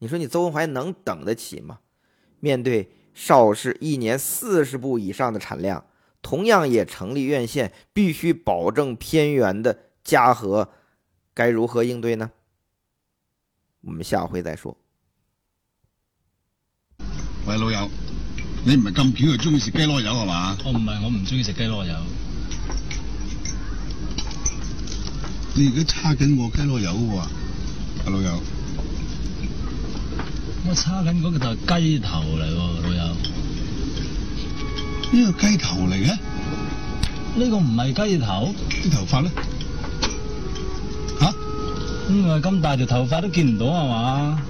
你說你鄒文懷能等得起嗎？面對邵氏一年四十部以上的產量，同樣也成立院線，必須保證片源的嘉禾，該如何應對呢？我們下回再說。喂，老友，你唔係咁巧又中意食雞籮柚係嘛？我唔係，我唔中意食雞籮柚。你而家差緊我雞籮柚喎、啊，阿、啊、老友。我差緊嗰個就係雞頭嚟喎，老友。呢個雞頭嚟嘅？呢個唔係雞頭。啲頭髮咧？吓？咁啊，咁大條頭髮都見唔到係嘛？是吧。